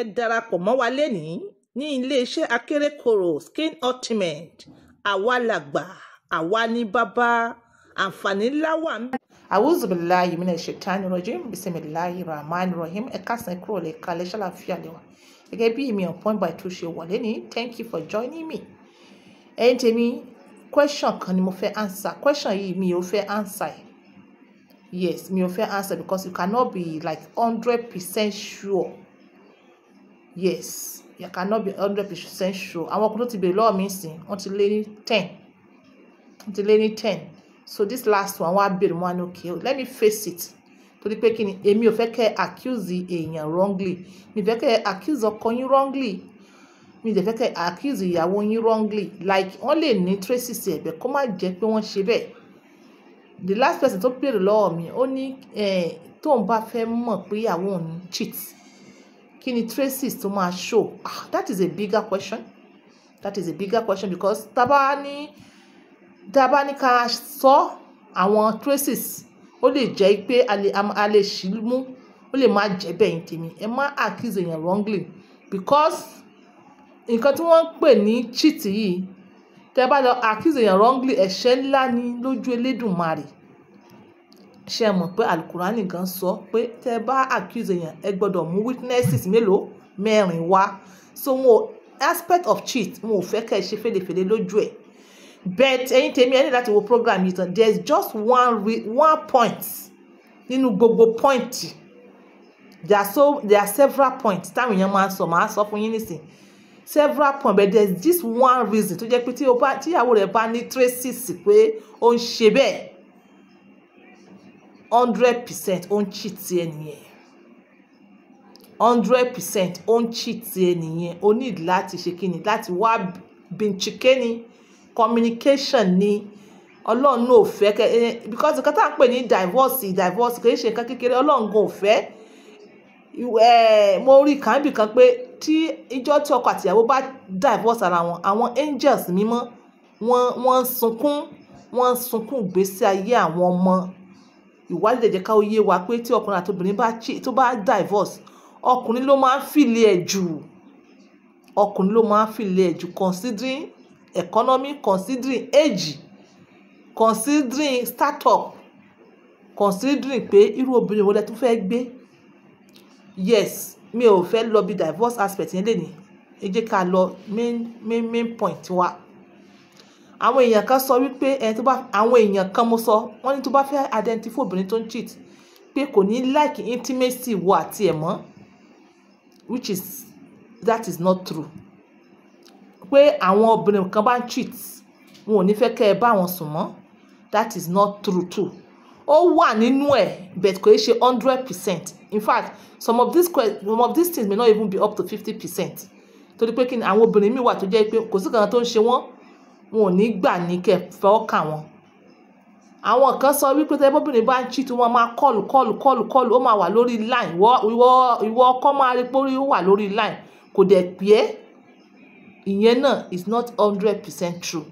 ẹ darapọ̀ mọ́ wa lénìí ní iléeṣẹ́ akérèkọ̀rọ̀ skin ultimate àwa làgbà àwa ní bàbá àǹfààní ńlá wà ń bẹ. àwùjọ bìláyì mi náà ṣe tání rọjò bisimilayi rahman rahim ẹ̀ka sàn kúrò lè ka lẹ́ṣẹ́ láfíà lẹ́wà gẹ́gẹ́ bí mi on point by two ṣe wọlé ní thank you for joining me. ẹ̀yin tèmi question kan ni mo fẹ́ answer question yìí mi ò fẹ́ answer yes mi ò fẹ́ answer because you cannot be like hundred percent sure yes you cannot be hundred percent sure àwọn ọkùnrin tó ti bèrè lọ́wọ́ mi sìn wọ́n ti lé ní ten wọ́n ti lé ní ten so this last one wọ́n á bèrè wọn á ní okay let me face it torí pé kí ni èmi ò fẹ́ kẹ́ accuse èèyàn wrongly mi fẹ́ kẹ́ accuse ọkọ yín wrongly mi dẹ̀ fẹ́ kẹ́ accuse ìyàwó yín wrongly like wọ́n lè ní traces ẹ̀bẹ̀ kó má jẹ́ pé wọ́n ṣe bẹ́ẹ̀ the last person tó bèrè lọ́wọ́ mi ó ní eh, tóun bá fẹ́ mọ̀ pé ìyàwó òun cheat kí ni traces tó máa show ah that is a bigger question that is a bigger question because tábà ní tábà ní ká sọ àwọn traces ó lè jẹ́ pé a lè ṣì mú ó lè má jẹ́ bẹ́yìn tèmi ẹ má accuse èèyàn wrongly because nǹkan tí wọ́n ń pè ní cheat yìí tẹ́ bá lọ accuse èèyàn wrongly ẹ̀ṣẹ̀ ńlá ni lójú Elédùmarè ṣe mọ̀ pé alukurani gan sọ pé tẹ́ bá accuse èèyàn ẹ gbọ́dọ̀ mú witnesses mélòó mẹ́rin wá so wọn aspect of cheat wọn ò fẹ́ kẹ́ ẹ ṣe fèlèfèlè lójú ẹ̀ but ẹ̀yin tèmi ẹ ní láti wo program yìí tán there is just one re one point nínú gbogbo point there are so there are several points táwọn èèyàn máa ń sọ máa sọ fún yín nísìn several points but there is this one reason tó jẹ́ pé tí ìyàwó rẹ̀ bá ní traces pé ó ń ṣe bẹ́ẹ̀ hundred percent ó ń cheat ẹ nìyẹn hundred percent ó ń cheat ẹ nìyẹn o need láti ṣe kíni láti wá bìnchìké ni communication ni ọlọ́run náà ò fẹ́ kẹ ẹ because nǹkan tá à ń pè ní divorce divorce kì í ṣe nǹkan kékeré ọlọ́run gan ò fẹ́ mo rí kan bì kan pé tí ìjọ tí ọkọ àtìyàwó bá divorce ara wọn àwọn angels mímọ́ wọ́n wọ́n sunkún wọ́n sunkún ìgbésí ayé àwọn ọmọ ìwádìí jẹ́ ká ó yé wa pé tí ọkùnrin àti obìnrin bá tó bá divorce ọkùnrin ló máa ń fìlì ẹ̀ jù ọkùnrin ló máa ń fìlì ẹ̀ considering economy considering age considering startup considering pé irú obìnrin wo lẹ fẹ́ gbé yes mi ò fẹ́ lọ bí divorce aspect yẹn lè ní ẹ jẹ́ ká lọ main main main point wa àwọn èèyàn kan sọ wípé ẹ tó bá àwọn èèyàn kan mo sọ wọn ní tó bá fẹ́ identify obìnrin tó ń cheat pé kò ní like intimacy wo àti ẹ̀ mọ́ which is that is not true pé àwọn obìnrin kan bá ń cheat wọn ò ní fẹ́ kẹ́ ẹ bá wọn sùn mọ́ that is not true too ó wà nínú ẹ̀ but kò í ṣe hundred percent in fact some of these some of these things may not even be up to fifty percent torí pé kí ni àwọn obìnrin míì wà tó jẹ́ pé kò sí kankan tó ń ṣe wọ́n wọn ò ní gbà ní kẹ́ fọwọ́ kà wọ́n àwọn kan sọ wípé tẹ́ bóbìnrin bá ń cheat wọn máa kọ́ọ̀lù kọ́ọ̀lù kọ́ọ̀lù kọ́ọ̀lù ó máa wà lórí line ìwọ ọkọ máa rí pórí ó wà lórí line kò dẹ̀ pé ìyẹn náà is not hundred percent true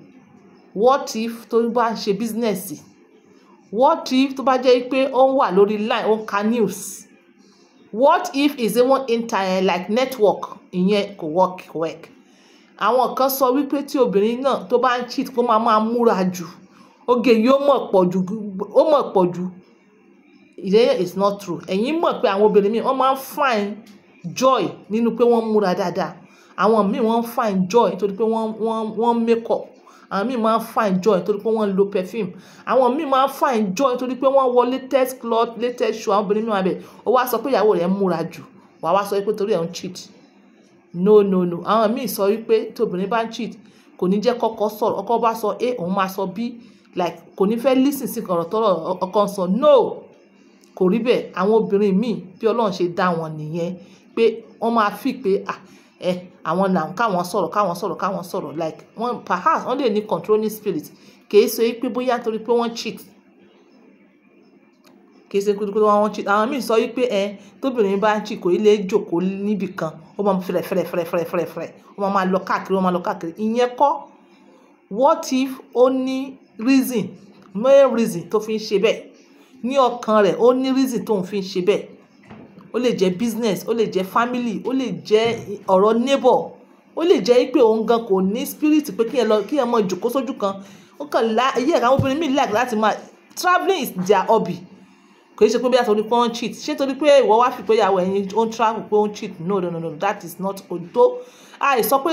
what if tó bá ń ṣe bísínẹ́sì what if tó bá jẹ́ pé ó ń wà lórí line ó ń ka news what if is a one internet like network ìyẹn kò work work àwọn kan sọ wípé tí obìnrin náà tó bá ń cheat kó máa máa múra jù oge yìí ó mọ̀ pọ̀ jù ó mọ̀ is not true ẹ̀yin mọ̀ pé àwọn obìnrin míì wọ́n máa ń find joy nínú pé wọ́n múra dáadáa àwọn míì wọ́n ń find joy nítorí pé wọ́n wọ́n wọ́n make up àwọn míì máa ń find joy nítorí pé wọ́n lo perfume àwọn míì máa ń find joy nítorí pé wọ́n wọ latest cloth latest shoe àwọn obìnrin míì wà bẹ̀ ó wá sọ pé ìyàwó rẹ̀ múra jù wàá wá sọ pé torí ẹ̀ ń cheat no no no àwọn míì sọ wípé tí obìnrin bá ń cheat kò ní jẹ́ kọ́kọ́ sọ̀rọ̀ ọkọ bá sọ a òun máa sọ b like kò ní fẹ́ lísìn sí ọ̀rọ̀ tọ́rọ̀ ọkọ ń sọ no kò rí bẹ́ẹ̀ àwọn obìnrin míì bí ọlọ́run ṣe dá wọn nìyẹn pé wọ́n máa fi pé ah ẹ àwọn náà káwọn sọ̀rọ̀ káwọn sọ̀rọ̀ káwọn sọ̀rọ̀ like wọ́n perhaps wọ́n lè ní controlling spirit kì í ṣe pé bóyá torí pé wọ́n cheat kì í ṣe kúndùkú wọn chi àwọn míì sọ wípé ẹ tóbìnrin bá ń chi kò ilé jòkó níbì kan ó máa fẹrẹ fẹrẹ fẹrẹ fẹrẹ fẹrẹ fẹrẹ ó máa máa lọ káàkiri ó máa lọ káàkiri ìyẹn kọ́ what if ó ní reason main reason tó fi ń ṣe bẹ́ẹ̀ ní ọkàn rẹ̀ ó ní reason tó ń fi ń ṣe bẹ́ẹ̀ ó lè jẹ́ business ó lè jẹ́ family ó lè jẹ́ ọ̀rọ̀ neighbor ó lè jẹ́ pé òun gan kò ní spirit pé kí ẹ lọ kí ẹ mọ jòkó sójú kan ó kàn láyé àwọn obìnrin míì láàgì láti máa travelling is their hobby kò ṣe pé bí àtòrí pé ó ń cheat ṣé torí pé ìwọ wá fi pé ìyàwó ẹ̀yin ó ń travel pé ó ń cheat no no no no that is not odo àìsọ pé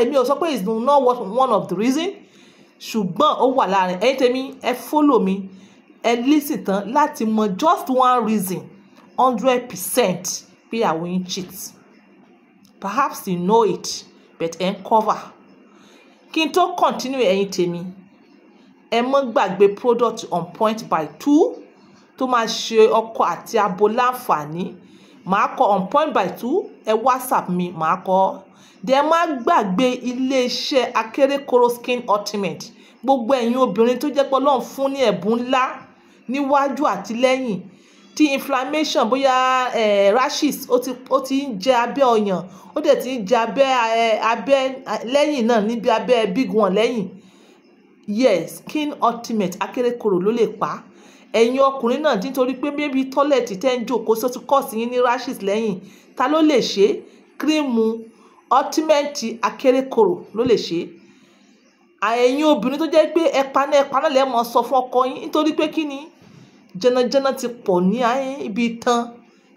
èmi ò sọ pé it's not one of the reason ṣùgbọ́n ó wà láàrin ẹ̀yin tèmi ẹ follow mi ẹ listen tán láti mọ just one reason hundred percent pé ìyàwó yín cheat perhaps you know it but ẹ ń cover kí n tó continue ẹ̀yin tèmi ẹ mọ́ gbàgbé product on point by two tó máa ṣe ọkọ àti abo láǹfààní màá kọ on point by two ẹ whatsapp mi màá kọ ọ́ dẹ̀ má gbàgbé iléeṣẹ́ akérèkọ́rọ́ skin ultimate gbogbo ẹ̀yin obìnrin tó jẹ́ pé ọlọ́run fún ní ẹ̀bùn ńlá níwájú àti lẹ́yìn tí inflammation bóyá eh, rashes ó ti ó ti ń jẹ abẹ́ ọyàn ó dẹ̀ ti ń jẹ abẹ́ abẹ́ lẹ́yìn náà níbi abẹ́ big one lẹ́yìn yes skin ultimate akérèkọ́rọ́ ló lè pa á ẹ̀yin ọkùnrin náà nítorí pé bébí tọ́lẹ̀tì tẹ́ ń jòkó sótú kọ́ọ̀sì yín ní rashes lẹ́yìn ta ló lè ṣe kírímù ọtímẹ́ǹtì akérèkòrò ló lè ṣe ẹ̀yin obìnrin tó jẹ́ pé ẹ̀paná ẹ̀paná lẹ́ mọ̀ sọ fún ọkọ yín nítorí pé kí ni jẹnajẹna ti pọ̀ ní ibi tán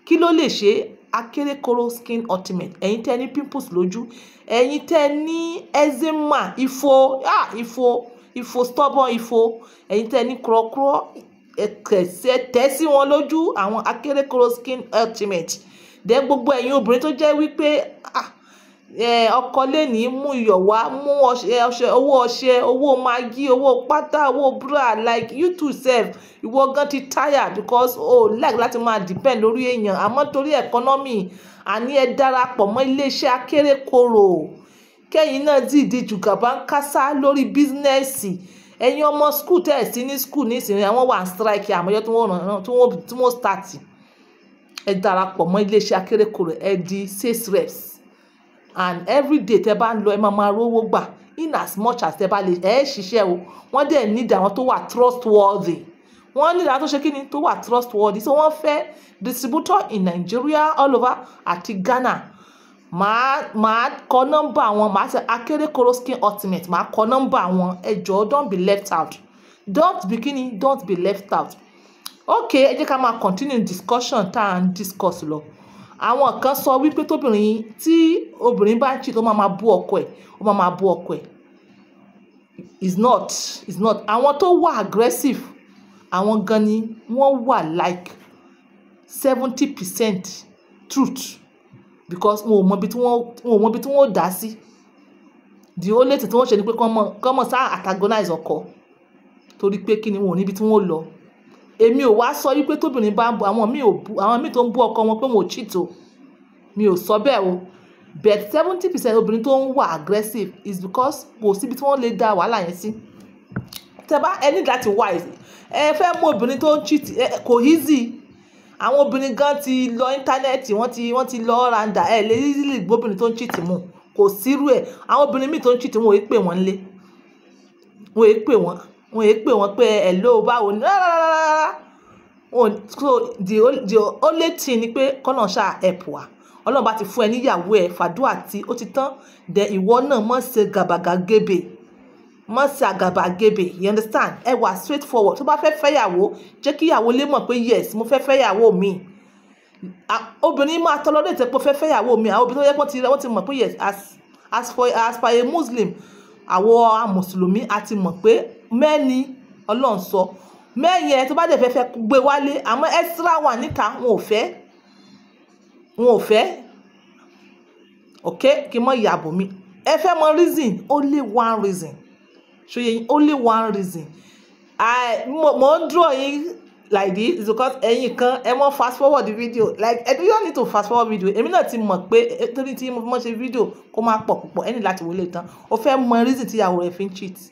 kí ló lè ṣe akérèkòrò skin ultimate ẹ̀yin tẹ́ ní pimples lójú ẹ̀yin tẹ́ ní eczema ifo ah ifo ifo stubborn ifo ẹ̀yin tẹ́ ní kúrọ́kúrọ́ tẹ́ sí wọn lójú àwọn akérèkọ́rọ́ skin ultimate dẹ́ gbogbo ẹ̀yin obìnrin tó jẹ́ wípé ọkọ lẹ́ni mú iyọ̀ wá mú owó ọṣẹ owó magi owó pátá owó búra like you too sef ìwọ gan ti tire because o oh, like láti máa depend lórí èèyàn àmọ́ torí economy àní ẹ darapọ̀ mọ́ iléeṣẹ́ akérèkọ́rọ́ kẹ́yìn náà dìídì jùgàbá ń kásá lórí bísínẹ́sì ẹ̀yin ọmọ skul tẹ̀ sí ní skul nísìnyí àwọn wà strike àmọ́jọ́ tí wọ́n ràn tí wọ́n start ẹ darapọ̀ mọ́ iléeṣẹ́ akérèkọ̀rọ̀ ẹ di sales reps and every day tẹ bá ń lọ ẹ máa máa rówó gbà in as much as tẹ bá lè ẹ ṣiṣẹ́ o wọ́n dẹ̀ need àwọn tó wà trustworthy wọ́n ní ìdájọ́ ṣe kí ni tó wà trustworthy so wọ́n fẹ́ distributor in Nigeria all over àti Ghana màá màá kọ nọ́mbà wọn màá ṣe akérèkọ́rọ́ skin ultimate màá kọ nọ́mbà wọn ẹ jọ̀ọ́ don't be left out don't be kini don't be left out ok ẹ jẹ́ ká máa continue discussion tá à ń discuss lọ àwọn kan sọ wípé tóbìnrin tí obìnrin bá ń cheat ó máa máa bú ọkọ ẹ̀ ó máa máa bú ọkọ ẹ̀ is not is not àwọn tó wà aggressive àwọn gan ni wọ́n wà like seventy percent truth because wọn ò mọ ibi tí wọ́n wọn ò mọ ibi tí wọ́n ò dá sí the only thing tí wọ́n ṣe ni pé kọ́mọ kọ́mọ sá antagonize ọkọ torí pé kí ni wọn ò níbi tí wọ́n lọ èmi ò wá sọ wípé tóbìnrin bá ń bu àwọn míì ò bu àwọn míì tó ń bú ọkọ wọn pé wọn ò chìtò mi ò sọ bẹ́ẹ̀ o but seventy percent obìnrin tó ń wà aggressive is because kò síbi tí wọ́n lè da wàhálà yẹn sí tẹ́ bá ẹni láti wá ẹ fẹ́ mú obìnrin tó ń chìtì kò easy àwọn obìnrin gan ti lọ íńtánẹ́ẹ̀tì wọ́n ti wọ́n ti lọ randa ẹ̀ lè easily gbóbìnrin tó ń cheat mú kò sírú ẹ̀ àwọn obìnrin míì tó ń cheat wọn ò yẹ pè wọ́n lé wọn ò yẹ pè wọ́n wọn ò pè wọ́n pé hello báwo ni rárá so the the only thing ni pé kọ́nà ṣáà help wa ọlọ́run bá ti fún ẹ níyàwó ẹ fàdúrà tí ó ti tán dẹ̀ ìwọ náà mọ̀ ṣe gàbàgà gébè má ṣe àgàbàgebè you understand ẹ wà straightforward tó bá fẹ́ fẹ́yàwó jẹ́ kí ìyàwó lè mọ̀ pé yes mo fẹ́ fẹ́yàwó mi obìnrin máa tọ́ lọ́dọ̀ ìtẹ́pọ̀ fẹ́ fẹ́yàwó mi àwọn obìnrin tó yẹ pé wọ́n ti mọ̀ pé yes as as for as per a muslim àwọn mùsùlùmí a ti mọ̀ pé mẹ́ni ọlọ́run sọ mẹ́yìn ẹ tó bá dẹ̀ fẹ́ fẹ́ gbé wálé àmọ́ ẹ́sírà wà níta wọn ò fẹ́ wọn ò fẹ́ ok kí n mọ ìyàbò mi ẹ fẹ́ mọ reason only one reason so yẹn only one reason i mo mo draw yín like this is because ẹ̀yin kan ẹ mọ fast forward the video like ẹ don't need to fast forward video èmi náà ti mọ̀ pé torí tí mo fi video kó má pọ̀ púpọ̀ ẹni láti wọlé tán o fẹ́ mọ reason tí ìyàwó rẹ̀ fi ń cheat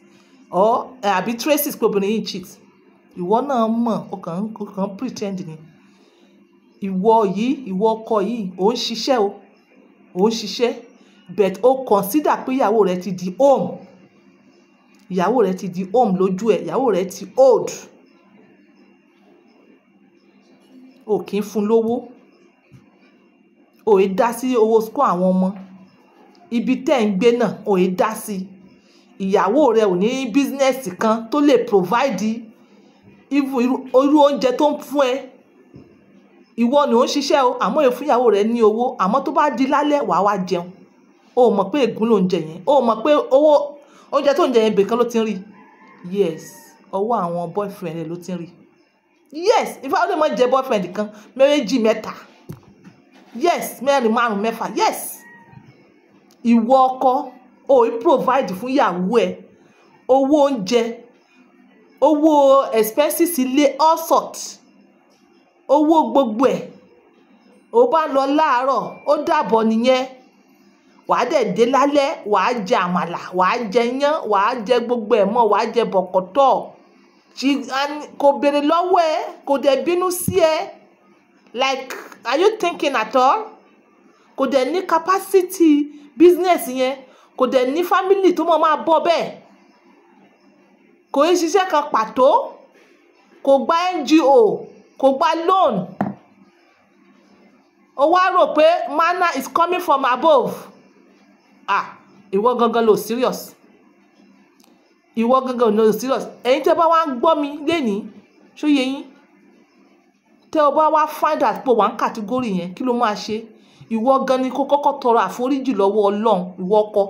or àbí traces pé obìnrin yìí cheat ìwọ náà mọ̀ o kàn o pretend ni ìwọ yìí ìwọ ọkọ yìí ò ń ṣiṣẹ́ o ò ń ṣiṣẹ́ but o consider pé ìyàwó rẹ ti di home ìyàwó rẹ ti di home lójú ẹ̀ ìyàwó rẹ ti old o kì í fún lówó o è dá sí owó school àwọn ọmọ ibi tẹ́ ń gbé náà o è dá sí ìyàwó rẹ ò ní bísínẹ́sì kan tó lè provide irú oúnjẹ tó ń fún ẹ ìwọ ni ò ń ṣiṣẹ́ o àmọ́ èyí fún ìyàwó rẹ ní owó àmọ́ tó bá di lálẹ́ wàá wá jẹun o mọ̀ pé ègún ló ń jẹ yẹn o mọ̀ pé owó oúnjẹ tó ń jẹ yẹn bèkan ló ti ń rí yes ọwọ́ àwọn boyfriend rẹ̀ ló ti ń rí yes ifá ó lè má jẹ boyfriend kan méjì mẹ́ta yes mẹ́rin márùn mẹ́fà yes ìwọ ọkọ ò ń provide fún ìyàwó ẹ owó oúnjẹ owó expenses ilé all sort owó gbogbo ẹ̀ ò bá lọ láàárọ̀ ó dàbọ̀ nìyẹn wàá dẹ̀ dé lálẹ́ wàá jẹ àmàlà wàá jẹ yán wàá jẹ gbogbo ẹ̀ mọ́ wàá jẹ bọ̀kọ̀tọ̀ kò béèrè lọ́wọ́ ẹ kò dẹ̀ bínú sí ẹ like are you thinking at all kò dẹ̀ ní capacity business yẹn kò dẹ̀ ní family tó mọ̀ máa bọ́ bẹ́ẹ̀ kò í ṣiṣẹ́ kan pàtó kò gba NGO kò gba loan o wá rò pé manna is coming from above. ah ìwọ gangan ló serious ìwọ gangan ló serious ẹ̀yin tẹ́ bá wá ń gbọ́ mi lénìí ṣó yẹ yín tẹ́ ọ bá wá find out pé wà ń kàtígórì yẹn kí ló máa ṣe ìwọ gan ni kó kọ́kọ́ tọrọ àforíjì lọ́wọ́ Ọlọ́run ìwọ ọkọ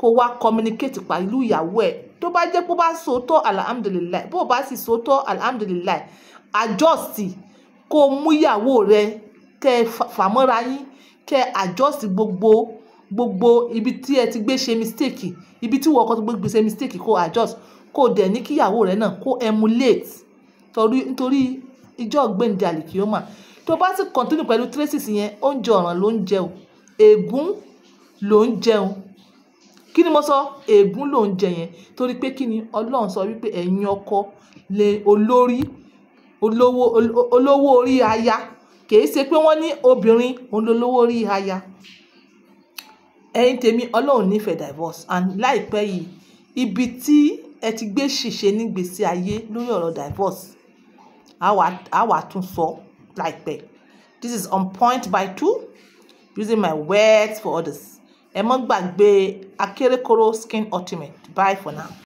kó wá communicate pẹ̀lú ìyàwó ẹ̀ tó bá jẹ́ pé ó bá sòótọ́ alhamdulillah bó bá sì sòótọ́ alhamdulillah adjust kó mú ìyàwó rẹ kẹ́ fàmọ́ra yín kẹ́ adjust gbogbo gbogbo ibi tí ẹ ti gbé ṣe mistake ibi tí wọ́n kọ́ tó gbé ṣe mistake kó adjust kó dẹ̀ ní kíyàwó rẹ̀ náà kó emulate torí nítorí ìjọ ọ̀gbẹ́ni àlìkìyọ́mà tó bá ti continue pẹ̀lú traces yẹn oúnjẹ ọ̀ràn ló ń jẹun ègún ló ń jẹun kí ni mo sọ ègún ló ń jẹ yẹn torí pé kí ni ọlọ́run sọ wípé ẹ̀yin ọkọ lè olórí olówó orí aya kì í ṣe pé wọ́n ní obìnrin òun orí aya ẹ̀yin tèmi ọlọ́run nífẹ̀ẹ́ divorce and láìpẹ́ yìí ibi tí ẹ ti gbé ṣìṣe nígbèsí ayé lórí ọ̀rọ̀ divorce a wà tún sọ láìpẹ́ this is on point by two using my words for others ẹ mọ́ gbàgbé akérèkọ́rọ́ skin ultimate bye for now.